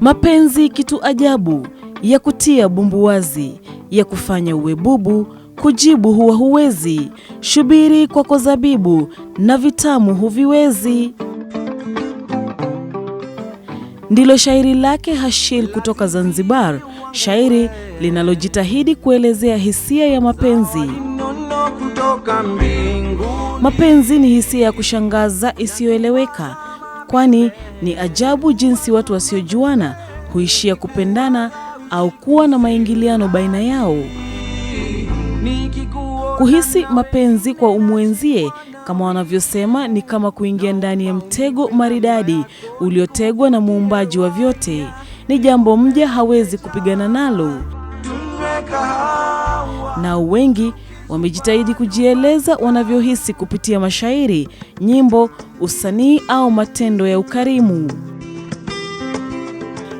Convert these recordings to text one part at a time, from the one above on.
Mapenzi kitu ajabu, ya kutia bumbuwazi, ya kufanya uwe bubu, kujibu huwa huwezi, shubiri kwako zabibu, na vitamu huviwezi. Ndilo shairi lake Hashil kutoka Zanzibar, shairi linalojitahidi kuelezea hisia ya mapenzi. Mapenzi ni hisia ya kushangaza isiyoeleweka kwani ni ajabu jinsi watu wasiojuana huishia kupendana au kuwa na maingiliano baina yao. Kuhisi mapenzi kwa umwenzie kama wanavyosema ni kama kuingia ndani ya mtego maridadi uliotegwa na muumbaji wa vyote. Ni jambo mja hawezi kupigana nalo, na wengi wamejitahidi kujieleza wanavyohisi kupitia mashairi, nyimbo, usanii au matendo ya ukarimu.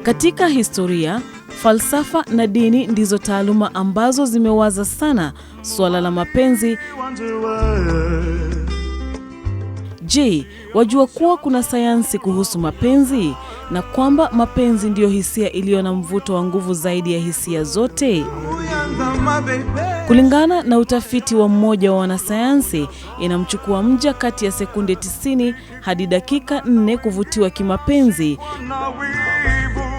Katika historia, falsafa na dini ndizo taaluma ambazo zimewaza sana suala la mapenzi. Je, wajua kuwa kuna sayansi kuhusu mapenzi na kwamba mapenzi ndiyo hisia iliyo na mvuto wa nguvu zaidi ya hisia zote? Kulingana na utafiti wa mmoja wa wanasayansi, inamchukua mja kati ya sekunde 90 hadi dakika 4 kuvutiwa kimapenzi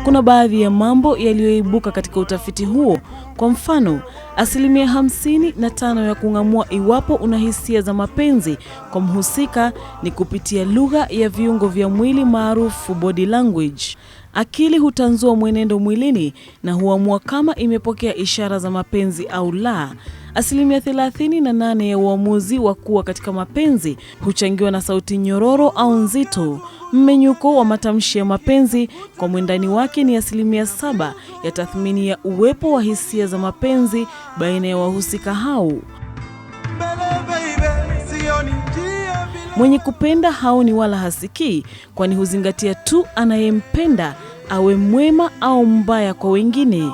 kuna baadhi ya mambo yaliyoibuka katika utafiti huo. Kwa mfano, asilimia hamsini na tano ya kung'amua iwapo una hisia za mapenzi kwa mhusika ni kupitia lugha ya viungo vya mwili maarufu body language. Akili hutanzua mwenendo mwilini na huamua kama imepokea ishara za mapenzi au la. Asilimia nane ya uamuzi wa kuwa katika mapenzi huchangiwa na sauti nyororo au nzito. Mmenyuko wa matamshi ya mapenzi kwa mwendani wake ni asilimia saba ya tathmini ya uwepo wa hisia za mapenzi baina ya wahusika hao. Mwenye kupenda haoni wala hasikii, kwani huzingatia tu anayempenda awe mwema au mbaya kwa wengine.